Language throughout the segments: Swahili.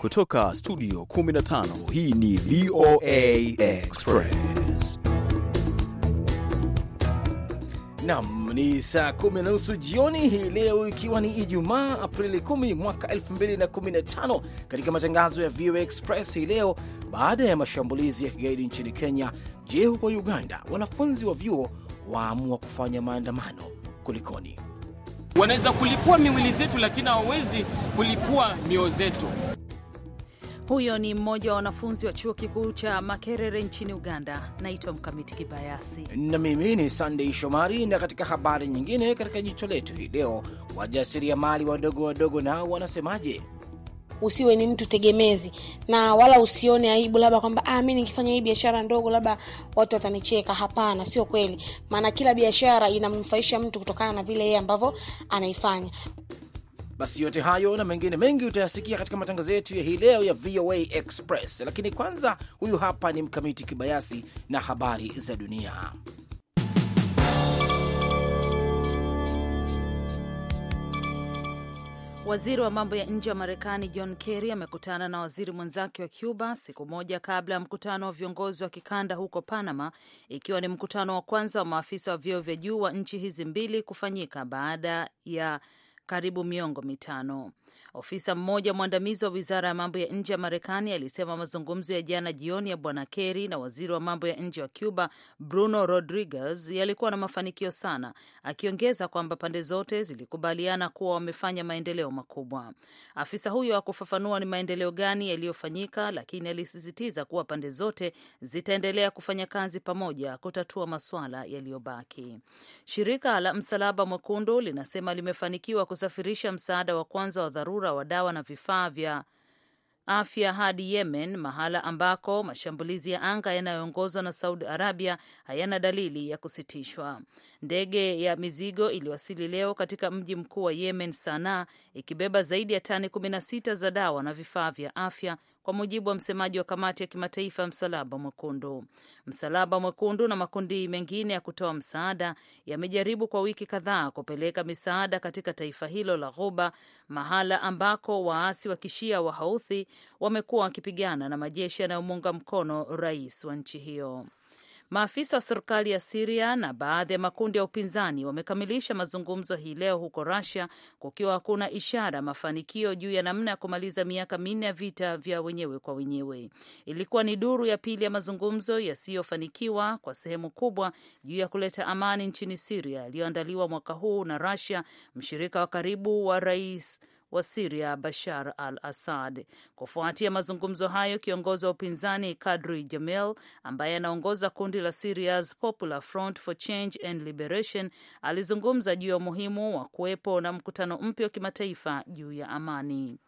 Kutoka studio 15 hii ni VOA Express. Nam ni saa kumi na nusu jioni hii leo, ikiwa ni Ijumaa Aprili 10 mwaka 2015. Katika matangazo ya VOA Express hii leo, baada ya mashambulizi ya kigaidi nchini Kenya, je, huko Uganda wanafunzi wa vyuo waamua kufanya maandamano. Kulikoni? Wanaweza kulipua miwili zetu, lakini hawawezi kulipua mioyo zetu. Huyo ni mmoja wa wanafunzi wa chuo kikuu cha Makerere nchini Uganda. Naitwa Mkamiti Kibayasi na mimi ni Sandei Shomari. Na katika habari nyingine, katika jicho letu hii leo, wajasiriamali wadogo wadogo nao wanasemaje? usiwe ni mtu tegemezi na wala usione aibu labda kwamba ah, mi nikifanya hii biashara ndogo labda watu watanicheka hapana sio kweli maana kila biashara inamnufaisha mtu kutokana na vile yeye ambavyo anaifanya basi yote hayo na mengine mengi utayasikia katika matangazo yetu ya hii leo ya VOA Express, lakini kwanza, huyu hapa ni Mkamiti Kibayasi na habari za dunia. Waziri wa mambo ya nje wa Marekani John Kerry amekutana na waziri mwenzake wa Cuba siku moja kabla ya mkutano wa viongozi wa kikanda huko Panama, ikiwa ni mkutano wa kwanza wa maafisa wa vyeo vya juu wa nchi hizi mbili kufanyika baada ya karibu miongo mitano. Ofisa mmoja mwandamizi wa wizara ya mambo ya nje ya Marekani alisema mazungumzo ya jana jioni ya Bwana Kerry na waziri wa mambo ya nje wa Cuba Bruno Rodriguez yalikuwa na mafanikio sana, akiongeza kwamba pande zote zilikubaliana kuwa wamefanya maendeleo makubwa. Afisa huyo hakufafanua ni maendeleo gani yaliyofanyika, lakini alisisitiza kuwa pande zote zitaendelea kufanya kazi pamoja kutatua masuala yaliyobaki. Shirika la Msalaba Mwekundu linasema limefanikiwa kusafirisha msaada wa kwanza wa dharura dharura wa dawa na vifaa vya afya hadi Yemen, mahala ambako mashambulizi ya anga yanayoongozwa na Saudi Arabia hayana dalili ya kusitishwa. Ndege ya mizigo iliwasili leo katika mji mkuu wa Yemen, Sanaa, ikibeba zaidi ya tani 16 za dawa na vifaa vya afya kwa mujibu wa msemaji wa kamati ya kimataifa ya Msalaba Mwekundu. Msalaba Mwekundu na makundi mengine ya kutoa msaada yamejaribu kwa wiki kadhaa kupeleka misaada katika taifa hilo la Ghuba, mahala ambako waasi wa kishia wa Houthi wamekuwa wakipigana na majeshi yanayomuunga mkono rais wa nchi hiyo. Maafisa wa serikali ya Siria na baadhi ya makundi ya upinzani wamekamilisha mazungumzo hii leo huko rasia kukiwa hakuna ishara ya mafanikio juu ya namna ya kumaliza miaka minne ya vita vya wenyewe kwa wenyewe. Ilikuwa ni duru ya pili ya mazungumzo yasiyofanikiwa kwa sehemu kubwa juu ya kuleta amani nchini Siria yaliyoandaliwa mwaka huu na rasia mshirika wa karibu wa rais wa Siria Bashar al Assad. Kufuatia mazungumzo hayo, kiongozi wa upinzani Kadri Jamil ambaye anaongoza kundi la Syria's Popular Front for Change and Liberation alizungumza juu ya umuhimu wa kuwepo na mkutano mpya wa kimataifa juu ya amani.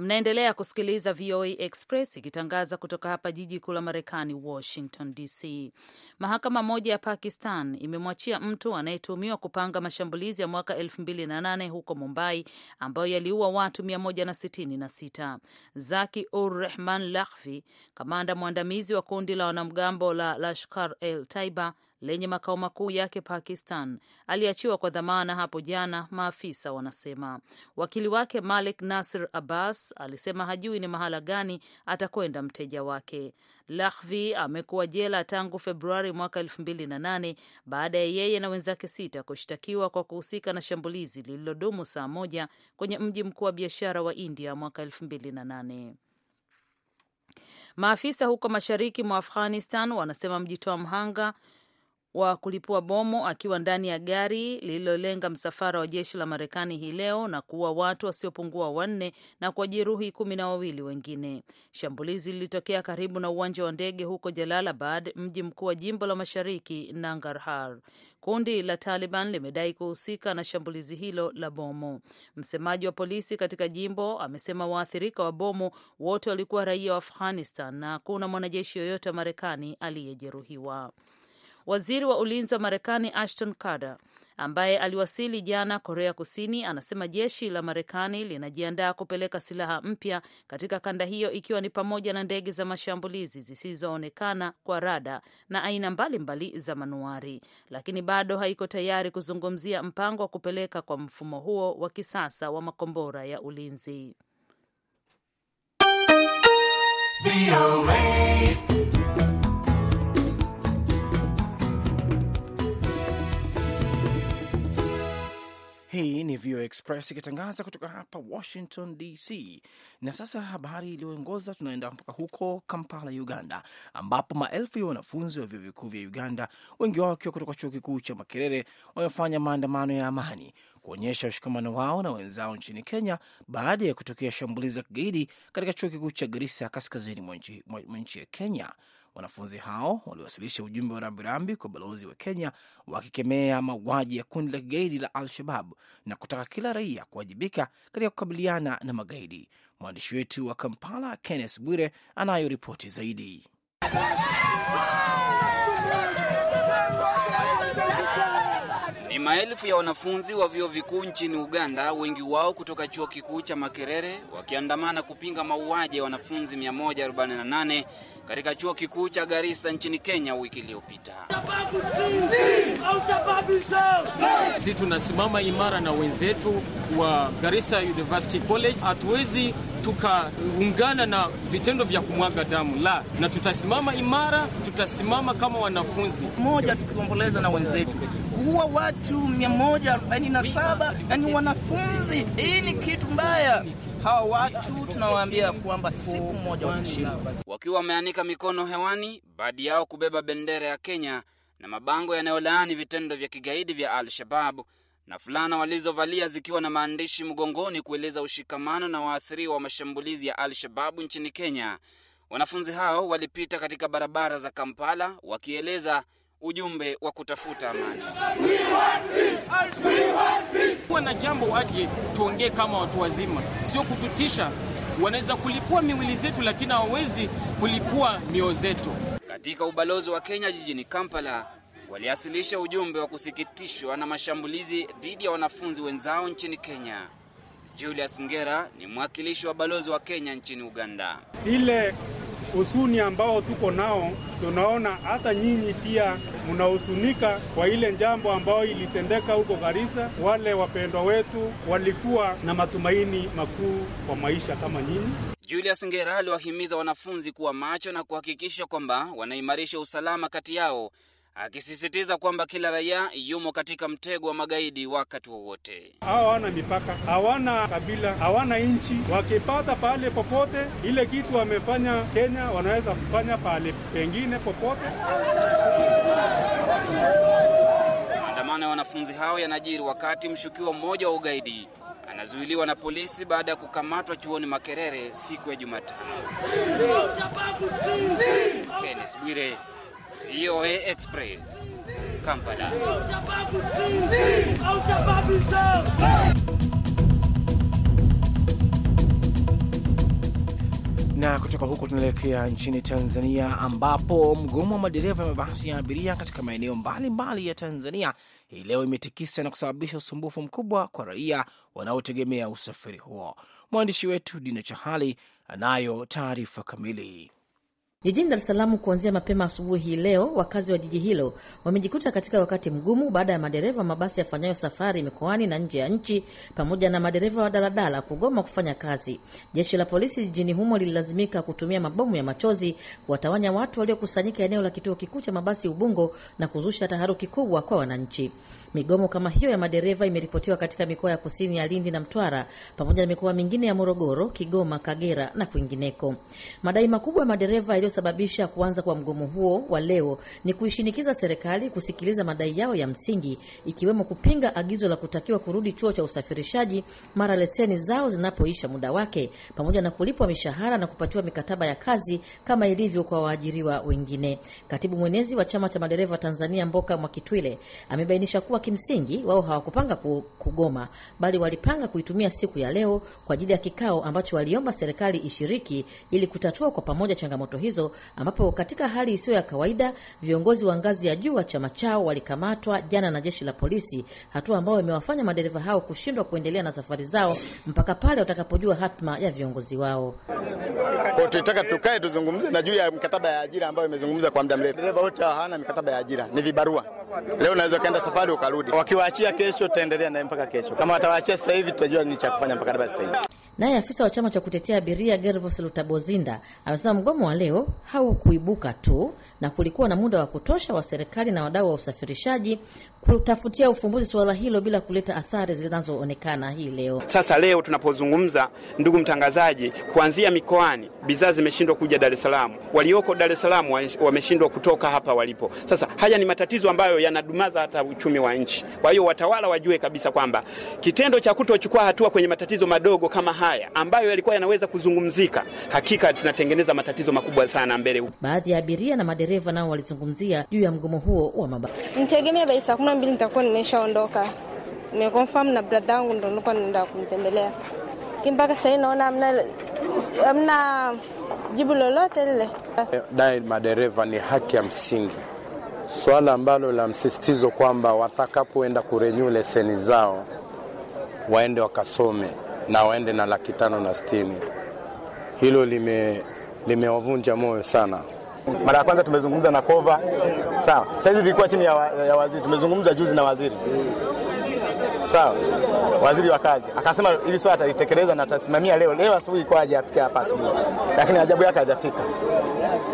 Mnaendelea kusikiliza VOA Express ikitangaza kutoka hapa jiji kuu la Marekani, Washington DC. Mahakama moja ya Pakistan imemwachia mtu anayetuhumiwa kupanga mashambulizi ya mwaka 2008 huko Mumbai ambayo yaliua watu 166. Zaki ur Rehman Lakhvi, kamanda mwandamizi wa kundi la wanamgambo la Lashkar el Taiba lenye makao makuu yake Pakistan aliachiwa kwa dhamana hapo jana, maafisa wanasema. Wakili wake Malik Nasir Abbas alisema hajui ni mahala gani atakwenda mteja wake. Lahvi amekuwa jela tangu Februari mwaka elfu mbili na nane baada ya yeye na wenzake sita kushtakiwa kwa kuhusika na shambulizi lililodumu saa moja kwenye mji mkuu wa biashara wa India mwaka elfu mbili na nane. Maafisa huko mashariki mwa Afghanistan wanasema mjitoa mhanga wa kulipua bomu akiwa ndani ya gari lililolenga msafara wa jeshi la Marekani hii leo na kuua watu wasiopungua wanne na jeruhi kumi na wawili wengine. Shambulizi lilitokea karibu na uwanja wa ndege huko Jalalabad, mji mkuu wa jimbo la mashariki Nangarhar. Kundi la Taliban limedai kuhusika na shambulizi hilo la bomu. Msemaji wa polisi katika jimbo amesema waathirika wa bomu wote walikuwa raia wa Afghanistan na hakuna mwanajeshi yoyote wa Marekani aliyejeruhiwa. Waziri wa ulinzi wa Marekani Ashton Carter ambaye aliwasili jana Korea Kusini anasema jeshi la Marekani linajiandaa kupeleka silaha mpya katika kanda hiyo ikiwa ni pamoja na ndege za mashambulizi zisizoonekana kwa rada na aina mbalimbali mbali za manuari, lakini bado haiko tayari kuzungumzia mpango wa kupeleka kwa mfumo huo wa kisasa wa makombora ya ulinzi. Hii ni VOA Express ikitangaza kutoka hapa Washington DC. Na sasa habari iliyoongoza, tunaenda mpaka huko Kampala, Uganda, ambapo maelfu ya wanafunzi wa vyuo vikuu vya Uganda, wengi wao wakiwa kutoka chuo kikuu cha Makerere, wamefanya maandamano ya amani kuonyesha ushikamano wao na wenzao nchini Kenya baada ya kutokea shambulizi za kigaidi katika chuo kikuu cha Garissa kaskazini mwa nchi ya Kenya. Wanafunzi hao waliwasilisha ujumbe wa rambirambi kwa balozi wa Kenya wakikemea mauaji ya kundi la kigaidi la Al-Shabab na kutaka kila raia kuwajibika katika kukabiliana na magaidi. Mwandishi wetu wa Kampala, Kenneth Bwire, anayo ripoti zaidi. Ni maelfu ya wanafunzi wa vyuo vikuu nchini Uganda, wengi wao kutoka chuo kikuu cha Makerere, wakiandamana kupinga mauaji ya wanafunzi 148 katika chuo kikuu cha Garissa nchini Kenya wiki iliyopita. Sisi tunasimama imara na wenzetu wa Garissa University College, hatuwezi tukaungana na vitendo vya kumwaga damu la, na tutasimama imara, tutasimama kama wanafunzi moja, tukiomboleza na wenzetu kuua watu 147 na ni wanafunzi. Hii ni kitu mbaya. Hawa watu tunawaambia kwamba siku moja watashinda wakiwa wameanika mikono hewani, baadhi yao kubeba bendera ya Kenya na mabango yanayolaani vitendo vya kigaidi vya Al-Shababu na fulana walizovalia zikiwa na maandishi mgongoni kueleza ushikamano na waathiriwa wa mashambulizi ya Al-Shababu nchini Kenya. Wanafunzi hao walipita katika barabara za Kampala wakieleza ujumbe wa kutafuta amani. Kuwa na jambo aje, tuongee kama watu wazima, sio kututisha wanaweza kulipua miwili zetu, lakini hawawezi kulipua mioyo zetu. Katika ubalozi wa Kenya jijini Kampala, waliasilisha ujumbe wa kusikitishwa na mashambulizi dhidi ya wanafunzi wenzao nchini Kenya. Julius Ngera ni mwakilishi wa balozi wa Kenya nchini Uganda. Ile usuni ambao tuko nao, tunaona hata nyinyi pia mnahusunika kwa ile jambo ambayo ilitendeka huko Garissa. Wale wapendwa wetu walikuwa na matumaini makuu kwa maisha kama nyinyi. Julius Ngera aliwahimiza wanafunzi kuwa macho na kuhakikisha kwamba wanaimarisha usalama kati yao akisisitiza kwamba kila raia yumo katika mtego wa magaidi wakati wowote. Hawa hawana mipaka, hawana kabila, hawana nchi. Wakipata pahali popote, ile kitu wamefanya Kenya wanaweza kufanya pahali pengine popote. Maandamano ya wanafunzi hao yanajiri wakati mshukiwa mmoja wa ugaidi anazuiliwa na polisi baada ya kukamatwa chuoni Makerere siku ya Jumatano. Kenneth Bwire VOA e e Express Kampala. Na kutoka huko tunaelekea nchini Tanzania ambapo mgomo wa madereva ya mabasi ya abiria katika maeneo mbalimbali ya Tanzania hii leo imetikisa na kusababisha usumbufu mkubwa kwa raia wanaotegemea usafiri huo. Mwandishi wetu Dina Chahali anayo taarifa kamili. Jijini Dar es Salaam kuanzia mapema asubuhi hii leo, wakazi wa jiji hilo wamejikuta katika wakati mgumu baada ya madereva mabasi yafanyayo safari mikoani na nje ya nchi pamoja na madereva wa daladala kugoma kufanya kazi. Jeshi la polisi jijini humo lililazimika kutumia mabomu ya machozi kuwatawanya watu waliokusanyika eneo la kituo kikuu cha mabasi Ubungo na kuzusha taharuki kubwa kwa wananchi. Migomo kama hiyo ya madereva imeripotiwa katika mikoa ya kusini ya Lindi na Mtwara pamoja na mikoa mingine ya Morogoro, Kigoma, Kagera na kwingineko. Madai makubwa ya madereva yaliyosababisha kuanza kwa mgomo huo wa leo ni kuishinikiza serikali kusikiliza madai yao ya msingi, ikiwemo kupinga agizo la kutakiwa kurudi chuo cha usafirishaji mara leseni zao zinapoisha muda wake, pamoja na kulipwa mishahara na kupatiwa mikataba ya kazi kama ilivyo kwa waajiriwa wengine. Katibu mwenezi wa chama cha madereva Tanzania, Mboka Mwakitwile, amebainisha kuwa kwa kimsingi wao hawakupanga kugoma, bali walipanga kuitumia siku ya leo kwa ajili ya kikao ambacho waliomba serikali ishiriki ili kutatua kwa pamoja changamoto hizo, ambapo katika hali isiyo ya kawaida viongozi wa ngazi ya juu wa chama chao walikamatwa jana na jeshi la polisi, hatua ambayo imewafanya madereva hao kushindwa kuendelea na safari zao mpaka pale watakapojua hatma ya viongozi wao. Kwa tutaka tukae tuzungumze na juu ya mkataba ya ajira ambayo imezungumza kwa muda mrefu. Dereva wote hawana mikataba ya ajira, ni vibarua Leo unaweza ukaenda safari ukarudi, wakiwaachia kesho, tutaendelea naye mpaka kesho. Kama watawaachia sasa hivi, tutajua ni cha kufanya mpaka sasa hivi. Naye afisa wa chama cha kutetea abiria Gervos Lutabozinda amesema mgomo wa leo haukuibuka tu, na kulikuwa na muda wa kutosha wa serikali na wadau wa usafirishaji kutafutia ufumbuzi suala hilo bila kuleta athari zinazoonekana hii leo. Sasa leo tunapozungumza, ndugu mtangazaji, kuanzia mikoani bidhaa zimeshindwa kuja Dar es Salaam, walioko Dar es Salaam wameshindwa kutoka hapa walipo. Sasa haya ni matatizo ambayo yanadumaza hata uchumi wa nchi. Kwa hiyo watawala wajue kabisa kwamba kitendo cha kutochukua hatua kwenye matatizo madogo kama haya ambayo yalikuwa yanaweza kuzungumzika, hakika tunatengeneza matatizo makubwa sana mbele. Baadhi ya abiria na madereva nao walizungumzia juu ya mgomo huo wa mabasi. Nitegemea mbili nitakuwa nimeshaondoka. Nimeconfirm na brother wangu ndo nilikuwa naenda kumtembelea, lakini mpaka sasa hivi naona hamna jibu lolote lile. Dai madereva ni haki ya msingi, swala ambalo la msisitizo kwamba watakapoenda kurenew leseni zao waende wakasome na waende na laki tano na sitini. Hilo lime limewavunja moyo sana. Mara ya kwanza tumezungumza na Kova, sawa. Sasa hizi zilikuwa chini ya, wa, ya waziri, tumezungumza juzi na waziri sawa, waziri wa kazi akasema ili swala atalitekeleza na atasimamia leo. Leo asubuhi kwa haja afika hapa asubuhi, lakini ajabu yake hajafika.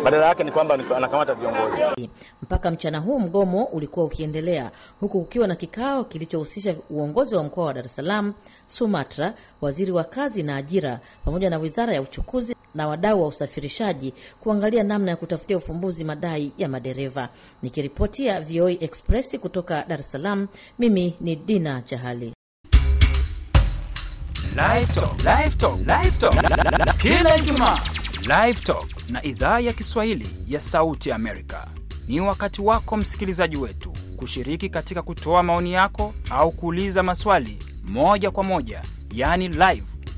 Badala yake ni kwamba anakamata viongozi. Mpaka mchana huu mgomo ulikuwa ukiendelea, huku kukiwa na kikao kilichohusisha uongozi wa mkoa wa Dar es Salaam, SUMATRA, waziri wa kazi na ajira pamoja na wizara ya uchukuzi na wadau wa usafirishaji kuangalia namna ya kutafutia ufumbuzi madai ya madereva. Nikiripotia VOA Express kutoka Dar es Salaam, mimi ni Dina Chahali. Kila Ijumaa Live Talk na idhaa ya Kiswahili ya Sauti Amerika ni wakati wako msikilizaji wetu kushiriki katika kutoa maoni yako au kuuliza maswali moja kwa moja, yani live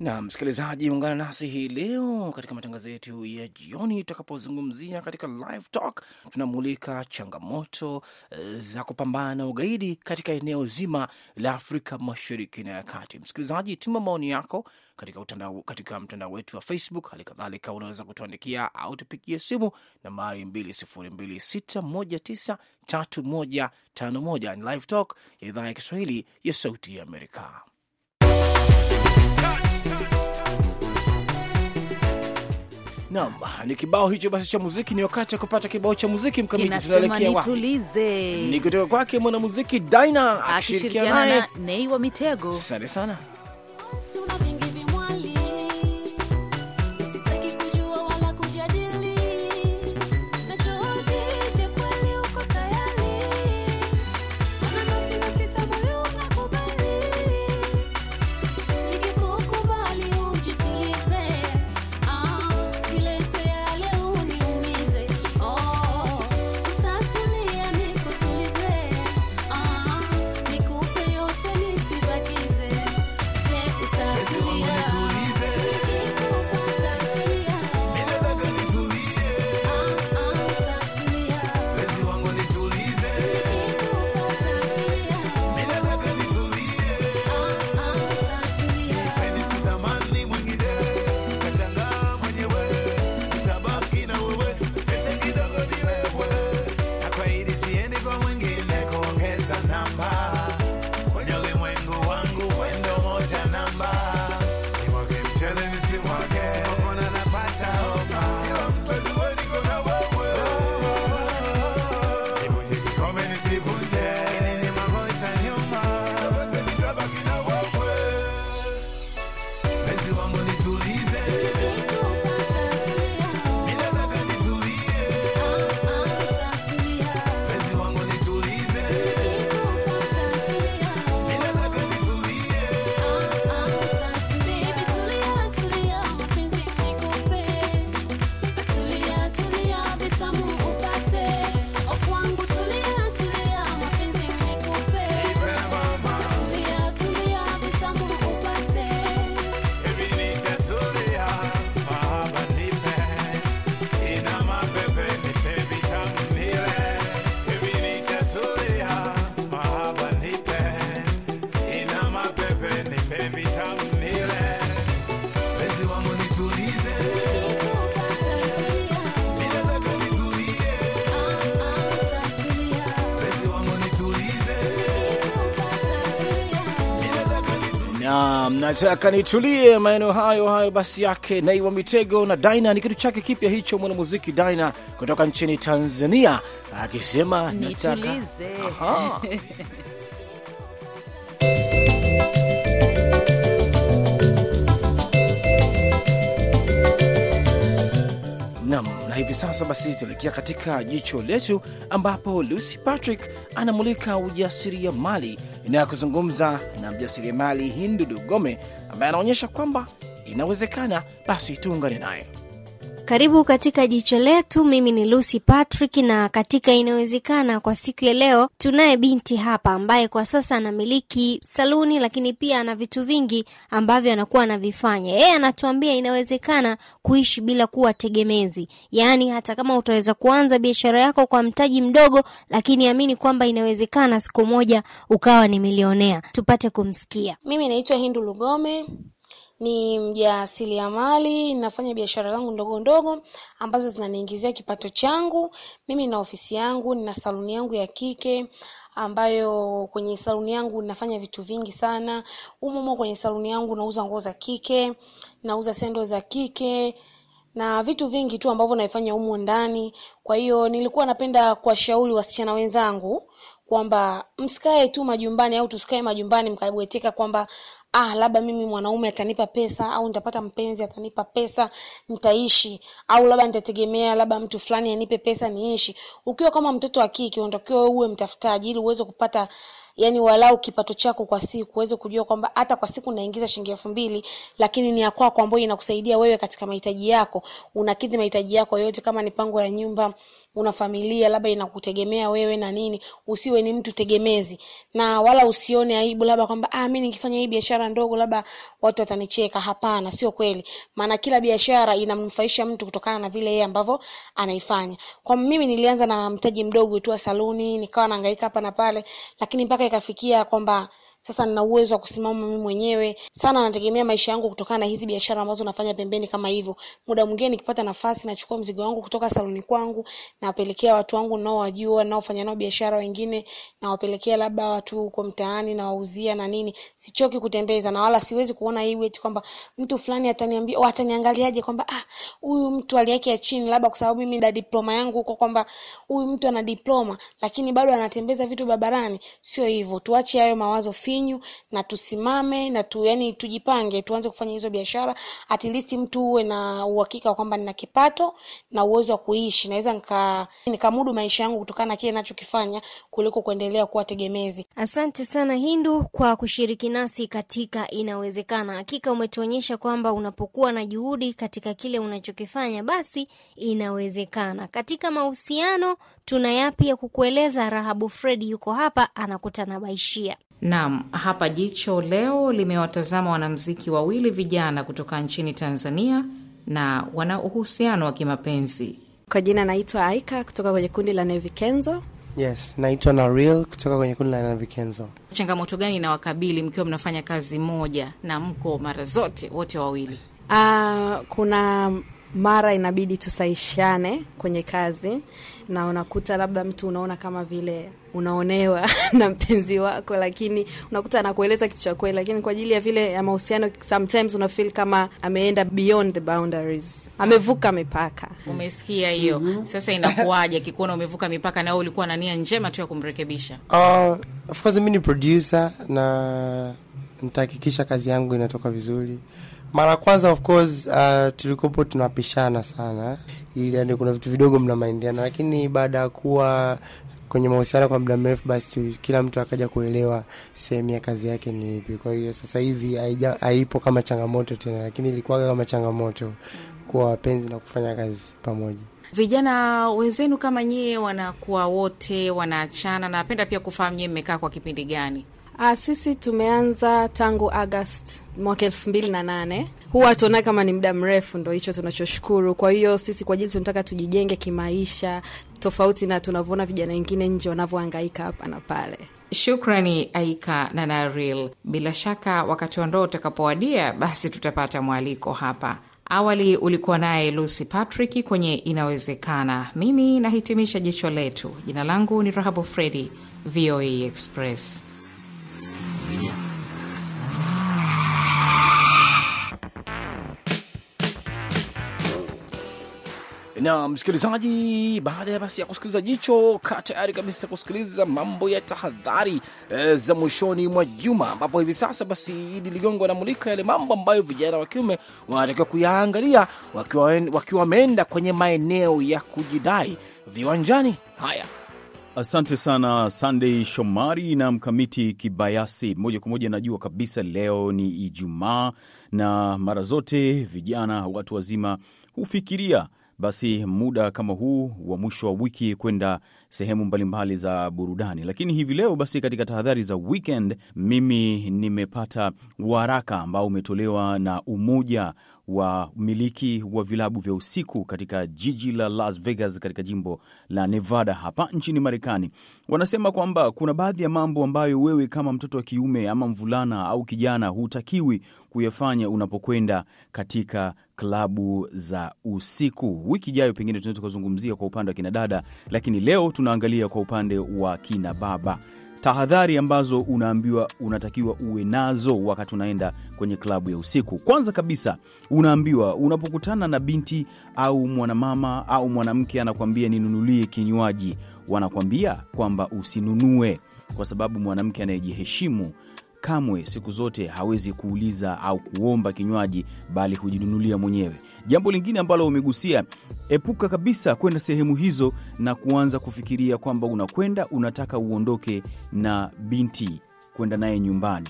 na msikilizaji, ungana nasi hii leo katika matangazo yetu ya jioni, tutakapozungumzia katika live talk, tunamulika changamoto eh, za kupambana na ugaidi katika eneo zima la Afrika Mashariki na ya Kati. Msikilizaji, tuma maoni yako katika mtandao katika mtandao wetu wa Facebook. Hali kadhalika unaweza kutuandikia au tupigie simu nambari 2026193151. Ni live talk ya idhaa ya Kiswahili ya Sauti ya Amerika. Naam, ni kibao hicho basi cha muziki. Ni wakati wa kupata kibao cha muziki mkamiti, tunaelekea wapi? Nitulize ni kutoka kwake mwanamuziki Daina akishirikiana naye Nei wa Mitego. Asante sana. nataka nitulie maeneo hayo hayo basi yake Naiwa Mitego na Daina ni kitu chake kipya hicho, mwanamuziki Daina kutoka nchini Tanzania akisema hivi sasa basi tuelekea katika jicho letu, ambapo Lucy Patrick anamulika ujasiriamali na kuzungumza na mjasiriamali Hindu Dugome ambaye anaonyesha kwamba inawezekana. Basi tuungane naye. Karibu katika jicho letu. Mimi ni Lucy Patrick, na katika inawezekana kwa siku ya leo tunaye binti hapa ambaye kwa sasa anamiliki saluni, lakini pia ana vitu vingi ambavyo anakuwa anavifanya yeye. Anatuambia inawezekana kuishi bila kuwa tegemezi, yaani hata kama utaweza kuanza biashara yako kwa mtaji mdogo, lakini amini kwamba inawezekana siku moja ukawa ni milionea. Tupate kumsikia. Mimi naitwa Hindu Lugome ni mjasiriamali, nafanya biashara zangu ndogo ndogo ambazo zinaniingizia kipato changu. Mimi na ofisi yangu, nina saluni yangu ya kike ambayo kwenye saluni yangu nafanya vitu vingi sana. Humo kwenye saluni yangu nauza nguo za kike, nauza sendo za kike na vitu vingi tu ambavyo naifanya humo ndani. Kwa hiyo nilikuwa napenda kuwashauri wasichana wenzangu kwamba msikae tu majumbani au tusikae majumbani mkabweteka kwamba ah, labda mimi mwanaume atanipa pesa au nitapata mpenzi atanipa pesa nitaishi, au labda nitategemea labda mtu fulani anipe pesa niishi. Ukiwa kama mtoto wa kike, unatakiwa uwe mtafutaji ili uweze kupata yani walau kipato chako kwa siku, uweze kujua kwamba hata kwa siku naingiza shilingi elfu mbili lakini ni ya kwako, ambayo inakusaidia wewe katika mahitaji yako, unakidhi mahitaji yako yote, kama ni pango ya nyumba una familia labda inakutegemea wewe na nini, usiwe ni mtu tegemezi na wala usione aibu labda kwamba ah, mimi nikifanya hii biashara ndogo labda watu watanicheka. Hapana, sio kweli, maana kila biashara inamnufaisha mtu kutokana na vile yeye ambavyo anaifanya. Kwa mimi nilianza na mtaji mdogo tu wa saluni, nikawa nahangaika hapa na pale, lakini mpaka ikafikia kwamba sasa nina uwezo wa kusimama mimi mwenyewe. Sana nategemea maisha yangu kutokana na hizi biashara ambazo nafanya pembeni kama hivyo. Muda mwingine nikipata nafasi nachukua mzigo wangu kutoka saloni kwangu, nawapelekea watu wangu ninaowajua, ninaofanya nao biashara wengine, nawapelekea labda watu huko mtaani nawauzia na nini. Sichoki kutembeza na wala siwezi kuona hii eti kwamba mtu fulani ataniambia oh, ataniangaliaje kwamba ah, huyu mtu hali ya chini labda kwa sababu mimi na diploma yangu huko kwamba huyu mtu ana diploma lakini bado anatembeza vitu barabarani. Sio hivyo. Tuache hayo mawazo fi mvinyu na tusimame na tu, yani tujipange tuanze kufanya hizo biashara, at least mtu uwe na uhakika kwamba nina kipato na uwezo wa kuishi, naweza nika maisha yangu kutokana na kile ninachokifanya kuliko kuendelea kuwa tegemezi. Asante sana Hindu kwa kushiriki nasi katika inawezekana. Hakika umetuonyesha kwamba unapokuwa na juhudi katika kile unachokifanya basi inawezekana. Katika mahusiano tuna yapi ya kukueleza? Rahabu Fredi yuko hapa anakutanabaishia. Naam, hapa Jicho leo limewatazama wanamuziki wawili vijana kutoka nchini Tanzania na wana uhusiano wa kimapenzi. Kwa jina naitwa Aika kutoka kwenye kundi la Kenzo. Yes, naitwa Nariel kutoka kwenye kundi la Kenzo. Changamoto gani inawakabili mkiwa mnafanya kazi moja na mko mara zote wote wawili? Uh, kuna mara inabidi tusaishane kwenye kazi, na unakuta labda mtu unaona kama vile unaonewa na mpenzi wako, lakini unakuta anakueleza kitu cha kweli, lakini kwa ajili ya vile ya mahusiano, sometimes una feel kama ameenda beyond the boundaries, amevuka mipaka. Umesikia hiyo? mm -hmm. Sasa inakuwaje kikuona umevuka mipaka na wewe ulikuwa na nia njema tu ya kumrekebisha? Uh, of course mimi ni producer na nitahakikisha kazi yangu inatoka vizuri. Mara kwanza of course uh, tulikopo tunapishana sana, ili yani kuna vitu vidogo mna maendeano lakini baada ya kuwa kwenye mahusiano kwa muda mrefu, basi kila mtu akaja kuelewa sehemu ya kazi yake ni ipi. Kwa hiyo sasa hivi haipo kama changamoto tena, lakini ilikuwa kama changamoto kuwa wapenzi na kufanya kazi pamoja. Vijana wenzenu kama nyie wanakuwa wote wanaachana, napenda pia kufahamu nyie mmekaa kwa kipindi gani? Ah, sisi tumeanza tangu August mwaka elfu mbili na nane huwa tuonae kama ni muda mrefu, ndo hicho tunachoshukuru. Kwa hiyo sisi kwa ajili tunataka tujijenge kimaisha, tofauti na tunavyoona vijana wengine nje wanavyohangaika hapa na pale. Shukrani Aika na Naril. Bila shaka wakati wa ndoa utakapowadia, basi tutapata mwaliko hapa. Awali ulikuwa naye Lucy Patrick kwenye Inawezekana. Mimi nahitimisha jicho letu. Jina langu ni Rahabu Fredi, VOA Express na msikilizaji, baada ya basi ya kusikiliza jicho, ka tayari kabisa kusikiliza mambo ya tahadhari e, za mwishoni mwa juma, ambapo hivi sasa basi Idi Ligongo anamulika yale mambo ambayo vijana wa kiume wanatakiwa kuyaangalia wakiwa wameenda kwenye maeneo ya kujidai viwanjani. Haya. Asante sana Sunday Shomari na Mkamiti Kibayasi. Moja kwa moja, najua kabisa leo ni Ijumaa na mara zote vijana, watu wazima hufikiria basi muda kama huu wa mwisho wa wiki kwenda sehemu mbalimbali za burudani, lakini hivi leo basi, katika tahadhari za weekend, mimi nimepata waraka ambao umetolewa na Umoja wa miliki wa vilabu vya usiku katika jiji la Las Vegas katika jimbo la Nevada hapa nchini Marekani wanasema kwamba kuna baadhi ya mambo ambayo wewe kama mtoto wa kiume ama mvulana au kijana hutakiwi kuyafanya unapokwenda katika klabu za usiku. Wiki ijayo pengine tunaweza tukazungumzia kwa upande wa kina dada, lakini leo tunaangalia kwa upande wa kina baba tahadhari ambazo unaambiwa unatakiwa uwe nazo wakati unaenda kwenye klabu ya usiku. Kwanza kabisa, unaambiwa unapokutana na binti au mwanamama au mwanamke anakuambia ninunulie kinywaji, wanakuambia kwamba usinunue, kwa sababu mwanamke anayejiheshimu kamwe siku zote hawezi kuuliza au kuomba kinywaji, bali hujinunulia mwenyewe. Jambo lingine ambalo umegusia, epuka kabisa kwenda sehemu hizo na kuanza kufikiria kwamba unakwenda unataka uondoke na binti kwenda naye nyumbani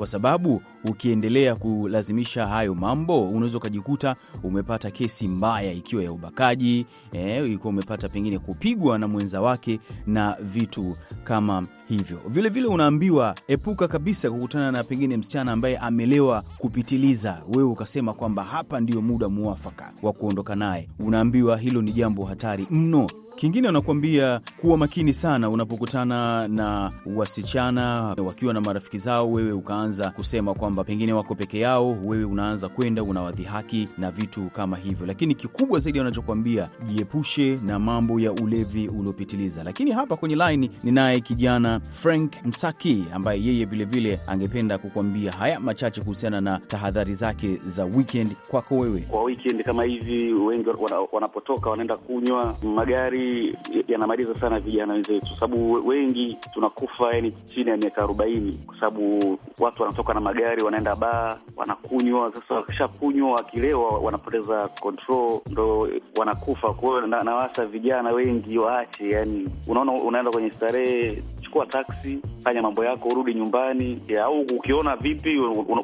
kwa sababu ukiendelea kulazimisha hayo mambo unaweza ukajikuta umepata kesi mbaya, ikiwa ya ubakaji eh, umepata pengine kupigwa na mwenza wake na vitu kama hivyo. Vilevile vile unaambiwa epuka kabisa kukutana na pengine msichana ambaye amelewa kupitiliza, wewe ukasema kwamba hapa ndio muda muwafaka wa kuondoka naye. Unaambiwa hilo ni jambo hatari mno. Kingine wanakuambia kuwa makini sana unapokutana na wasichana wakiwa na marafiki zao, wewe ukaanza kusema kwamba pengine wako peke yao, wewe unaanza kwenda unawadhihaki na vitu kama hivyo. Lakini kikubwa zaidi wanachokwambia jiepushe na mambo ya ulevi uliopitiliza. Lakini hapa kwenye laini ninaye kijana Frank Msaki ambaye yeye vilevile angependa kukwambia haya machache kuhusiana na tahadhari zake za weekend kwako wewe. Kwa weekend kama hivi wengi wanapotoka wanaenda kunywa magari kweli yanamaliza sana vijana wenzetu, sababu wengi tunakufa yani chini ya miaka arobaini, kwa sababu watu wanatoka na magari wanaenda baa wanakunywa. Sasa wakishakunywa wakilewa, wanapoteza control, ndo wanakufa. Kwa hiyo nawasa vijana wengi waache, yani unaona, unaenda kwenye starehe chukua taksi, fanya mambo yako, urudi nyumbani ya, au ukiona vipi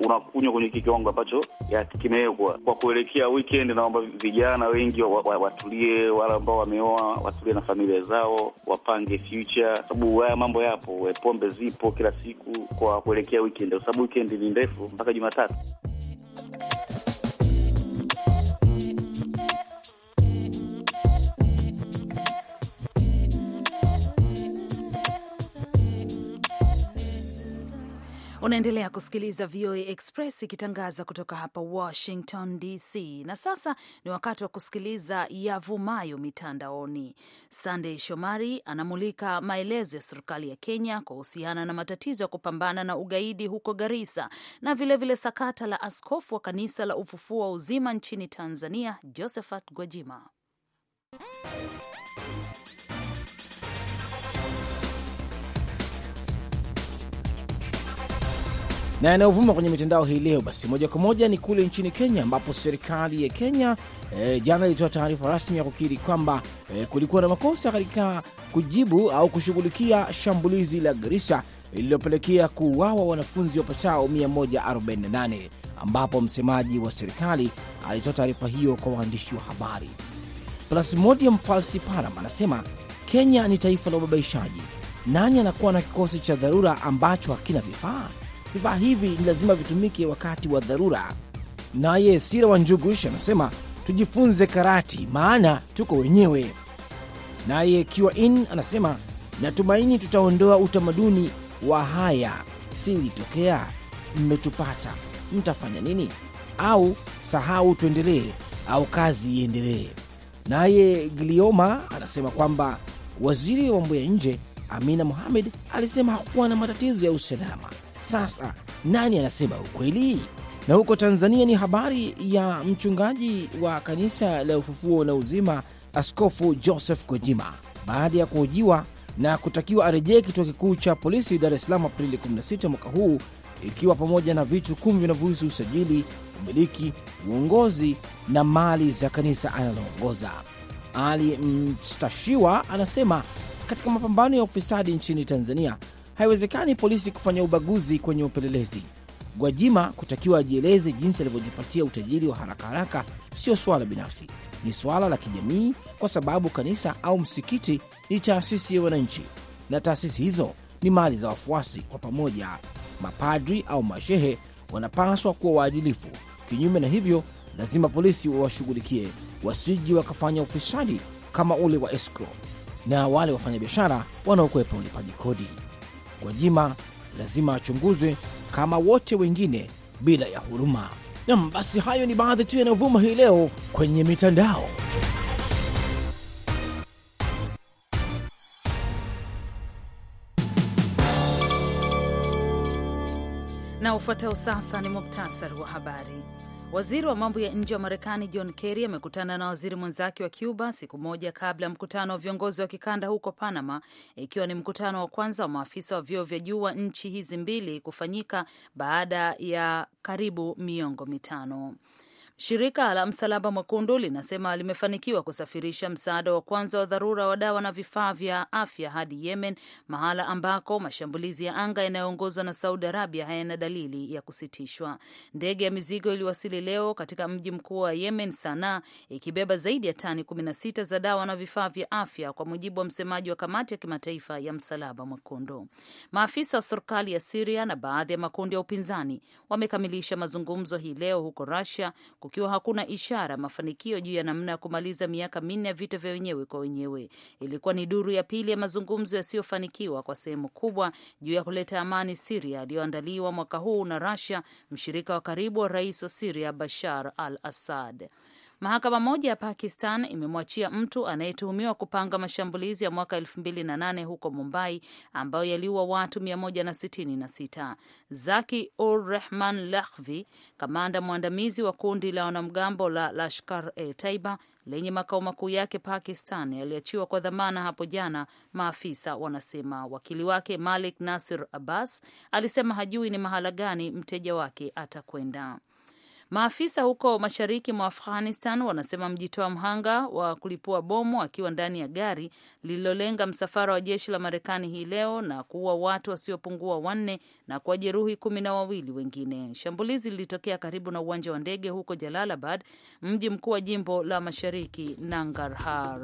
unakunywa kwenye hiki kiwango ambacho kimewekwa kwa kuelekea weekend. Naomba vijana wengi watulie, wale ambao wameoa watulie na familia zao, wapange future, sababu haya mambo yapo, pombe zipo kila siku, kwa kuelekea weekend, kwa sababu weekend ni ndefu mpaka Jumatatu. Unaendelea kusikiliza VOA Express ikitangaza kutoka hapa Washington DC, na sasa ni wakati wa kusikiliza yavumayo mitandaoni. Sandey Shomari anamulika maelezo ya serikali ya Kenya kuhusiana na matatizo ya kupambana na ugaidi huko Garissa, na vilevile vile sakata la askofu wa kanisa la Ufufuo wa Uzima nchini Tanzania, Josephat Gwajima na yanayovuma kwenye mitandao hii leo, basi moja kwa moja ni kule nchini Kenya ambapo serikali ya Kenya e, jana ilitoa taarifa rasmi ya kukiri kwamba e, kulikuwa na makosa katika kujibu au kushughulikia shambulizi la grisa lililopelekea kuuawa wanafunzi wapatao 148 ambapo msemaji wa serikali alitoa taarifa hiyo kwa waandishi wa habari. Plasmodium falciparum anasema Kenya ni taifa la ubabaishaji. Nani anakuwa na kikosi cha dharura ambacho hakina vifaa? vifaa hivi ni lazima vitumike wakati wa dharura. Naye Sira wa Njugush anasema tujifunze karati, maana tuko wenyewe. Naye Kiwa In anasema natumaini tutaondoa utamaduni wa haya si ilitokea, mmetupata, mtafanya nini? Au sahau, tuendelee, au kazi iendelee. Naye Glioma anasema kwamba waziri wa mambo ya nje Amina muhamed alisema hakukuwa na matatizo ya usalama sasa nani anasema ukweli? Na huko Tanzania ni habari ya mchungaji wa kanisa la Ufufuo na Uzima, Askofu Joseph Gwajima baada ya kuhojiwa na kutakiwa arejee kituo kikuu cha polisi Dar es Salaam Aprili 16 mwaka huu ikiwa pamoja na vitu kumi vinavyohusu usajili, umiliki, uongozi na mali za kanisa analoongoza. ali mstashiwa anasema katika mapambano ya ufisadi nchini Tanzania haiwezekani polisi kufanya ubaguzi kwenye upelelezi. Gwajima kutakiwa ajieleze jinsi alivyojipatia utajiri wa haraka haraka sio swala binafsi, ni swala la kijamii, kwa sababu kanisa au msikiti ni taasisi ya wananchi, na taasisi hizo ni mali za wafuasi. Kwa pamoja, mapadri au mashehe wanapaswa kuwa waadilifu. Kinyume na hivyo, lazima polisi wawashughulikie, wasiji wakafanya ufisadi kama ule wa escrow na wale wafanyabiashara wanaokwepa ulipaji kodi. Gwajima lazima achunguzwe kama wote wengine bila ya huruma. Nam, basi hayo ni baadhi tu yanayovuma hii leo kwenye mitandao. Na ufuatao sasa ni muktasari wa habari. Waziri wa mambo ya nje wa Marekani John Kerry amekutana na waziri mwenzake wa Cuba siku moja kabla ya mkutano wa viongozi wa kikanda huko Panama, ikiwa ni mkutano wa kwanza wa maafisa wa vyeo vya juu wa nchi hizi mbili kufanyika baada ya karibu miongo mitano. Shirika la Msalaba Mwekundu linasema limefanikiwa kusafirisha msaada wa kwanza wa dharura wa dawa na vifaa vya afya hadi Yemen, mahala ambako mashambulizi ya anga yanayoongozwa na Saudi Arabia hayana dalili ya kusitishwa. Ndege ya mizigo iliwasili leo katika mji mkuu wa Yemen, Sanaa, ikibeba zaidi ya tani 16 za dawa na vifaa vya afya, kwa mujibu wa msemaji wa Kamati ya Kimataifa ya Msalaba Mwekundu. Maafisa wa serikali ya Siria na baadhi ya makundi ya upinzani wamekamilisha mazungumzo hii leo huko Rusia kukiwa hakuna ishara mafanikio juu ya namna ya kumaliza miaka minne ya vita vya wenyewe kwa wenyewe. Ilikuwa ni duru ya pili ya mazungumzo yasiyofanikiwa kwa sehemu kubwa juu ya kuleta amani Siria yaliyoandaliwa mwaka huu na rasia mshirika wa karibu wa rais wa Siria Bashar al Assad. Mahakama moja ya Pakistan imemwachia mtu anayetuhumiwa kupanga mashambulizi ya mwaka 2008 huko Mumbai ambayo yaliua watu 166. Zaki ur Rehman Lakhvi, kamanda mwandamizi wa kundi la wanamgambo la Lashkar e Taiba lenye makao makuu yake Pakistan yaliachiwa kwa dhamana hapo jana, maafisa wanasema. Wakili wake Malik Nasir Abbas alisema hajui ni mahala gani mteja wake atakwenda. Maafisa huko mashariki mwa Afghanistan wanasema mjitoa mhanga wa kulipua bomu akiwa ndani ya gari lililolenga msafara wa jeshi la Marekani hii leo na kuua watu wasiopungua wanne na kuwajeruhi kumi na wawili wengine. Shambulizi lilitokea karibu na uwanja wa ndege huko Jalalabad, mji mkuu wa jimbo la mashariki Nangarhar.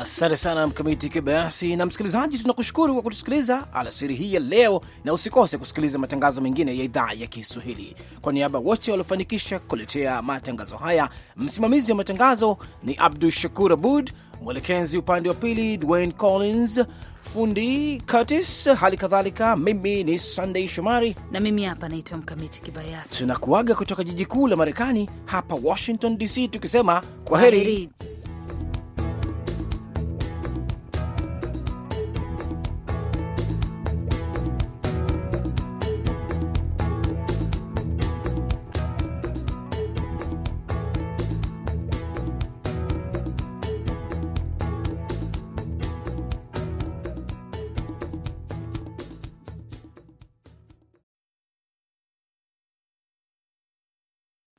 Asante sana Mkamiti Kibayasi na msikilizaji, tunakushukuru kwa kutusikiliza alasiri hii ya leo, na usikose kusikiliza matangazo mengine ya idhaa ya Kiswahili. Kwa niaba wote waliofanikisha kufanikisha kukuletea matangazo haya. Msimamizi wa matangazo ni Abdu Shakur Abud, mwelekezi upande wa pili Dwayne Collins, fundi Curtis, hali kadhalika mimi ni Sunday Shomari na mimi hapa naitwa Mkamiti Kibayasi. Tunakuaga kutoka jiji kuu la Marekani hapa Washington DC, tukisema kwa heri.